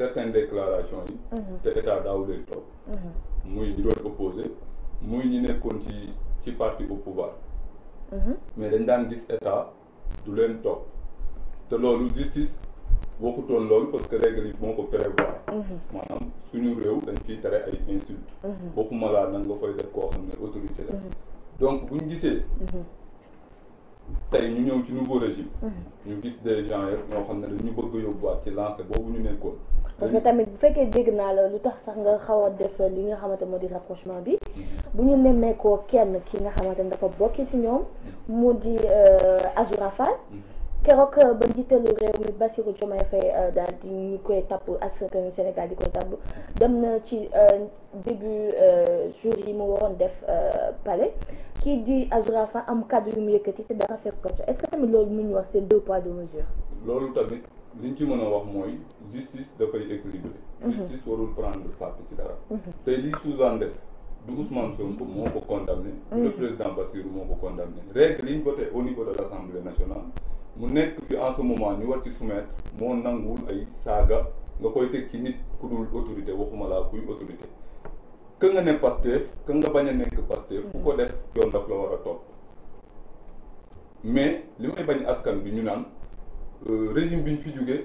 certaines déclarations yi mhm. te état daaw top topp mhm. muy ñi doon opposé muy ñi nekkoon ci ci parti au pouvoir mhm. mais dañ dan gis état du len top te lolu justice waxutoon loolu parce que règle yi moo ko prévoir maanaam suñu réew dañ ciy tere ay insulte waxuma laa nan nga koy def koo xam ne autorité la donc buñ gisee tey ñu ñëw ci nouveau régime. ñu gis des gens ñoo xam ne dañu bëgg a yóbbuwaat ci lancé boobu ñu nekkoon. parce que tamit bu fekkee dégg naa la lu tax sax nga xaw a def li nga xamante moo di rapprochement bi. bu ñu nemmeekoo kenn ki nga xamante ne dafa bokki ci ñoom. mu di euh, Azoura Fall. keroog euh, ba le réew mi Bassirou Diomaye fay euh, dal di ñu koy tàpp askan Sénégal di koy tàpp dem na ci euh, début jour yi mu waroon def palais kii di Azourafa am cadre yu yëkëti té dafa dara fekk ko est-ce que tamit loolu mu ñu wax c'est deux poids deux mesures. loolu tamit liñ ci mëna wax moy justice da fay équilibré. Mhm. justice warul prendre parti ci dara. Mhm. té li Suzanne def du Ousmane Sonko moo ko condamné. Mhm. le président Bassirou moo ko condamné rek liñ voté au niveau de l'Assemblée nationale. mu nekk fi en moment ñu war ci soumettre moo nanguwul ay saaga nga koy teg ci nit ku dul autorité waxuma laa kuy autorité que nga ne Pastef que nga bañ a nekk Pastef ku ko def yoon daf la war a topp mais li may bañ askan bi ñu naan euh, régime bi ñu fi jógee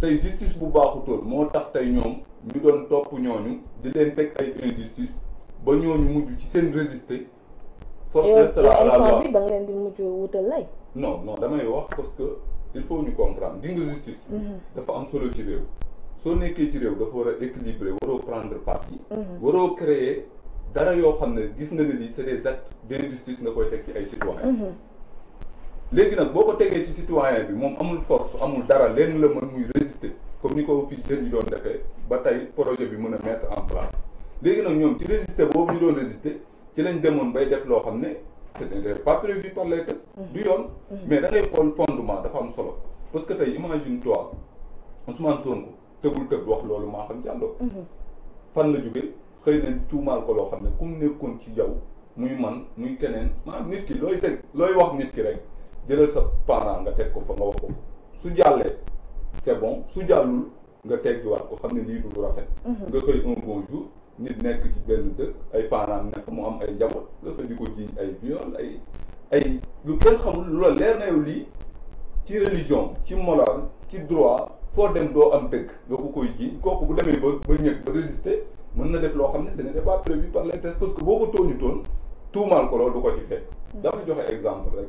tey justice bu baaxutoon moo tax tey ñoom ñu doon topp ñooñu di leen teg ay injustice ba ñooñu mujj ci seen résister force reste à la loi bi da nga leen di mujj wutal lay non non damay wax parce que il faut ñu comprendre di justice mhm. dafa am solo ci réew soo nekkee ci réew dafa war a équilibrer waroo prendre parti mhm. waroo créer dara yoo xam ne gis nga ne lii c'est des actes d'injustice nga koy teg ci ay citoyen mhm. léegi nag boo ko tegee ci citoyen bi moom amul force amul dara leen la mën muy résister comme ni ko fi jeunes yi doon defee ba tey projet bi mën a mettre en place léegi nag ñoom ci résister boobu ñu doon résister ci lañ demoon bay def loo xam ne c'était pas prévu par les tests mm. du yoon mm. mais da ngay xool fondement dafa am solo parce que tey imagine toi Ousmane Sonko tegul tëb wax loolu maa xam jàlloo mm-hmm. fan la jóge xëy na tuumaal ko loo xam ne ku mu nekkoon ci yow muy man muy keneen maanaam nit ki looy teg looy wax nit ki rek jëlal sa parent nga teg ko fa nga wax ko su jàllee c'est bon su jàllul nga teggiwaat ko xam ne lii du lu rafet mhm. nga xëy un bon jour nit nekk ci benn dëkk ay parent nekk mu am ay njaboot nga xëy di ko jiiñ ay viol ay ay lu kenn xamul lu la leer na yow lii ci religion ci morale ci droit foo dem doo am dëkk nga ko koy jiiñ kooku bu demee ba ba ñëkk ba résister mën na def loo xam ne ce n'était pas prévu par les textes parce que boo ko tooñu toon tuumaal ko loolu du ko ci fekk mhm. dama joxe exemple rek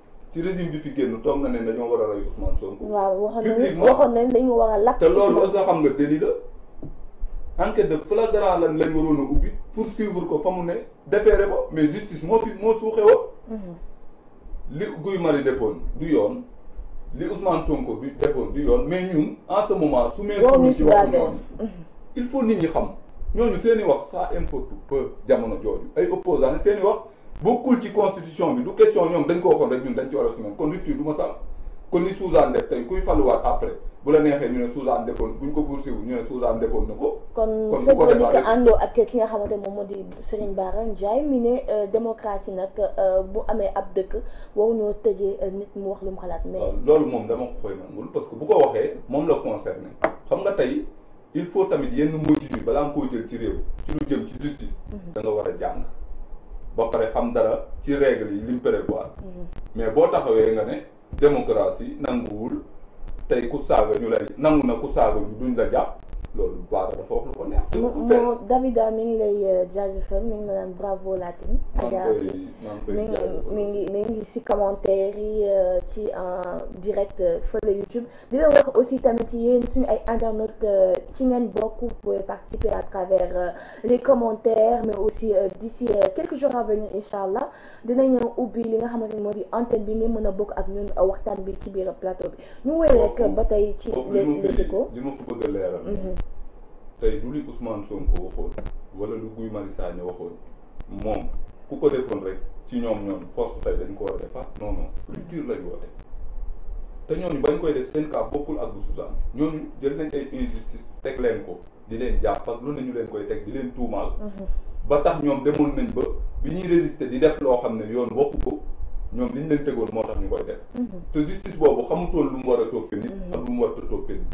ci régime bi fi génn toog na ne dañoo war a rey Ousmane Sonko. waaw waxoon nañ waxoon nañ dañu war a lakk. te loolu sax xam nga délit la enquête de flagrant lan lañ waroon a ubbi poursuivre ko fa mu ne defeere ko mais justice moo fi moo suuxee woon. Mhm. li Guy Marius defoon du yoon li Ousmane Sonko bi defoon du yoon mais ñun en ce moment. su ñu ci wax ñooñu mhm. il faut nit ñi xam ñooñu seen i wax ça importe peu jamono jooju ay opposants seen i wax. bokul ci constitution bi du question ñom dañ ko waxoon rek ñun dañ ci wara a semaine kon rupture du ma kon ni Suzanne def tay kuy fallu faluwaat après bu la nexé ñu ne Suzanne defoon buñ ko poursuivre ñu né Suzanne defoon na ko. kon ce ko veut dire que ak ki nga xamanté mom modi Serigne Bara Ndiaye mi ne euh, démocratie nak euh, bu amé ab dëkk ñoo tëjee euh, nit mu wax lu mu xalat mais. loolu mom dama ko koy nangul parce que bu ko waxé mom la concerné xam nga tay il faut tamit yenn motifs bala balaa koy jël ci réew ci lu jëm ci justice. Mhm. da nga wara a jàng. ba pare xam dara ci règle yi lim prévoir mais boo taxawee nga ne démocratie nanguwul tey ku saaga ñu lay nangu na ku saaga ñu duñ la jàpp loolu Ba dafa wax lu ko neex. moom Davida mi ngi lay euh, jaajëfal mi ngi naan bravo latin. maa ngi koy mi ngi mi ngi mi ngi si commentaire yi euh, ci en direct euh, fële YouTube di la wax aussi tamit yéen suñu ay internautes ci ngeen bokk vous pouvez participer à travers les commentaires mais aussi d'ici quelques jours à venir incha allah dinañu ubbi li nga xamante ni moo di antenne bi ngeen mën a bokk ak ñun waxtaan bi ci biir plateau bi ñu wéy rek ba tey ci. les les li ma ko bëgg leeral. Mhm tey du li Ousmane Sonko waxoon wala lu Guy Marius Sagna waxoon moom ku ko defoon rek ci ñoom ñoom force tey dañ ko war a defaat ah, non non rupture lañ woote te ñooñu bañ koy def seen cas bokkul ak bu Suzanne ñooñu jël nañ ay injustice teg leen ko di leen jàpp ak lu ñu leen koy teg di leen tuumaal mhm. ba tax ñoom demoon nañ ba bi ñuy résister di def loo xam ne yoon waxu ko ñoom li ñu leen tegoon moo tax ñu koy def mhm. te justice boobu xamutoon lu mu war a toppee nit mhm. ak lu mu war a toppee nit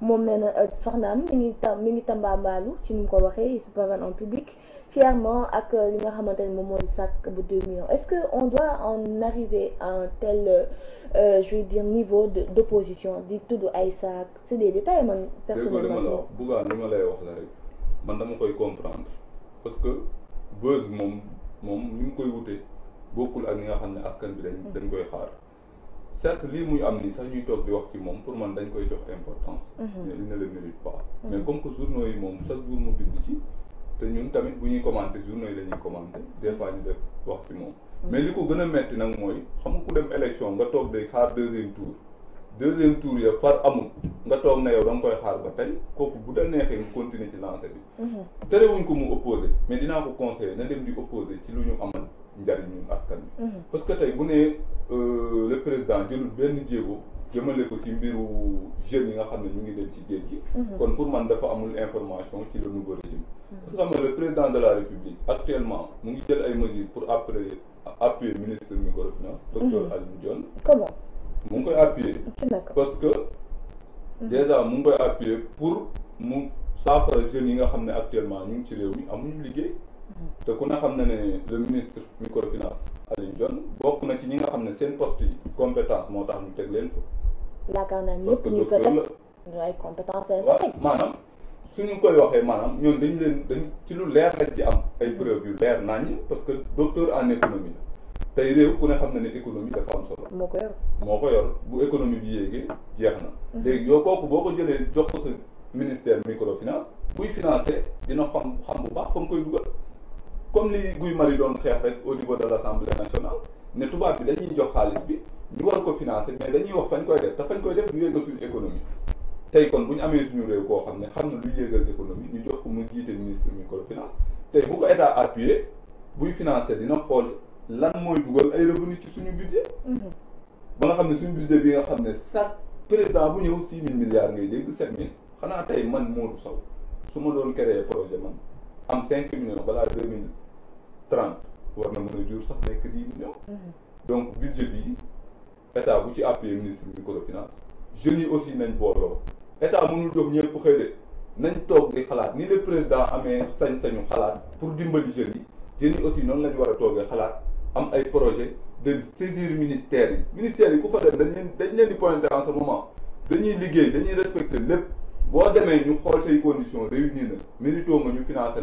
moom nee na euh, soxnaam mi ngi tam mi ngi tambaambaalu ci ni ko waxee il en public fièrement ak euh, li nga xamante ne moy sac bu 2 millions est-ce que on doit en arriver à un tel euh, euh je veux dire niveau de d'opposition di tudd ay sac c'est des détails man personnellement la wax buggaan ma lay wax la rek man dama koy comprendre parce que buzz moom moom ni mu koy wouté bokul ak ni nga xamné askan bi dañ dañ koy xaar certes li muy am ni sax ñuy toog di wax ci moom pour man dañ koy jox importance. Mhm. mais il ne le mérite pas. Mhm. mais comme que journaux yi moom chaque jour mu bind ci. te ñun tamit bu ñuy commenté journaux yi la ñuy commenté des fois ñu def wax ci moom. Mhm. mais li ko gën a metti nag mooy xam nga ku dem élection nga toog day xaar deuxième tour. deuxième tour ya far amul nga toog na yow da nga koy xaar ba tey kooku bu da neexee mu continuer ci lancé bi. tere wuñ ko mu opposé mais dinaa ko conseillé na dem di opposé ci lu ñu amal njariñu askan bi mhm. parce que tey bu nee euh, le président jëlul benn jéego jëmale ko ci mbiru jeunes yi nga xam ne ñu ngi dem ci géej gi mhm. kon pour man dafa amul information ci le nouveau régime mhm. parce que xam nga le président de la république actuellement mu ngi jël ay mesures pour après appuyer ministre microfinance docteur Alioune Dione comment mu ngi koy appuyer parce que déjà mu ngi koy appuyer pour mu saafara jeunes yi nga xam ne actuellement ñu ngi ci réew mi amuñu liggéey te ku ne xam na ne ministre microfinance Alioune Dione bokk na ci ñi nga xam ne seen poste yi compétence moo tax ñu teg leen fa. yaakaar naa ñëpp ñu ko teg ay compétence waaw maanaam suñu koy waxee maanaam ñoon dañ leen dañ ci lu leer lañ ci am ay mm-hmm. preuve yu leer naññ parce que docteur en économie la. tey réew ku ne xam na ne économie dafa am solo. moo ko yor moo ko yor bu économie bi yéegi jeex na. Mm-hmm. léegi yow kooku boo ko jëlee jox ko sa ministère microfinance buy financé dina xam xam bu baax fa mu koy dugal. comme li Guy Marius doon xeex rek au niveau de l' assemblée nationale ne tubaab bi dañuy jox xaalis bi ñu war ko financer mais dañuy wax fañ koy def te fañ koy def du yëgal suñu économie tey kon buñ ñu amee suñu réew koo xam ne xam na luy yëgal économie ñu jox ko mu jiite ministre microfinance tey bu ko état appuyé buy financer dina xool lan mooy dugal ay revenus ci suñu budget mhm. ba nga xam ne suñu budget bi nga xam ne chaque président bu ñëw six mille milliards ngay dégg sept mille xanaa tey man Modou Sow su ma doon créer projet man am cinq millions balaa deux mille 30, war na mën a millions mhm. donc budget bi bu ci ministre bi finance Je yi aussi nañ booloo mënul de nañ toog ni le président amee sañ-sañu pour dimbali jeunes yi aussi noonu war a projet de saisir ministère ministère ku en ce moment dañuy liggéey dañuy respecter ñu conditions réunir na mérito nga ñu financer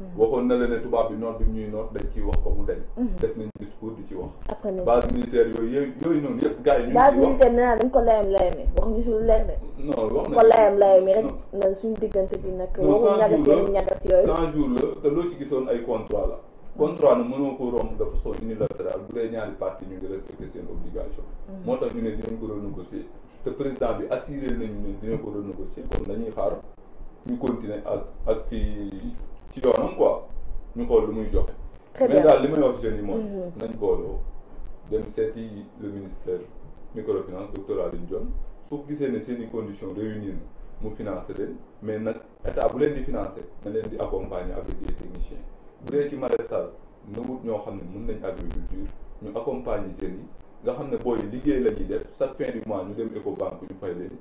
Mhm. waxoon na la ne tubaab bi noot bi ñuy noot dañ ciy wax ba mu dañ mhm. def nañ discours di ci wax base militaire yooyu yooyu noonu yëpp gars yi ñu base militaire ko layam layam layami rek na suñu diggante bi nag loo ci gisoon ay contrat la mhm. contrat na mënoo ko romb de façon unilatérale bu dee ñaari parti ñu seen obligation moo tax ñu ne dinañ ko renégocier te président bi assuré nañu ne dina ko renégocier kon dañuy xaar ñu continuer ak ak ci ci yoonam quoi ñu xool lu muy joxe. mais daal li may wax jeunes yi mooy. Mm-hmm. nañ booloo dem seeti le ministère microfinance docteur Alioune John su gisee ne seen i conditions réunir na mu financer leen mais nag état bu leen di financer na leen di accompagner avec des techniciens bu dee ci maraîchage na wut ñoo xam ne mun nañ agriculture ñu accompagner jeunes yi nga xam ne booy liggéey la ñuy def chaque fin du mois ñu dem banque ñu fay leen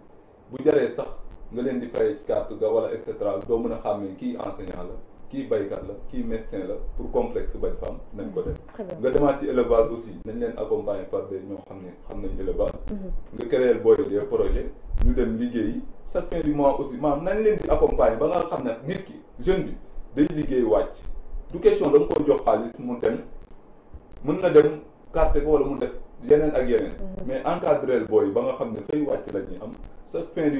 bu jaree sax nga leen di fay ci carte ga wala et cetera doo mën a xàmmee kii enseignant la. kii baykat la kii médecin la pour complexe bañ fa am nañ ko def nga demaat ci élevage aussi nañ leen accompagner par des ñoo xam ne xam nañ élevage mhm. nga créer booy des projets ñu dem liggéeyi chaque fin du mois aussi maam nañ leen di accompagner ba nga xam ne nit ki jeune bi day liggéey wàcc du question da ko jox xaalis mu dem mën na dem carte ko wala mu def yeneen ak yeneen mhm. mais encadrel booy ba nga xam ne xëy wàcc la ñuy am chaque fin du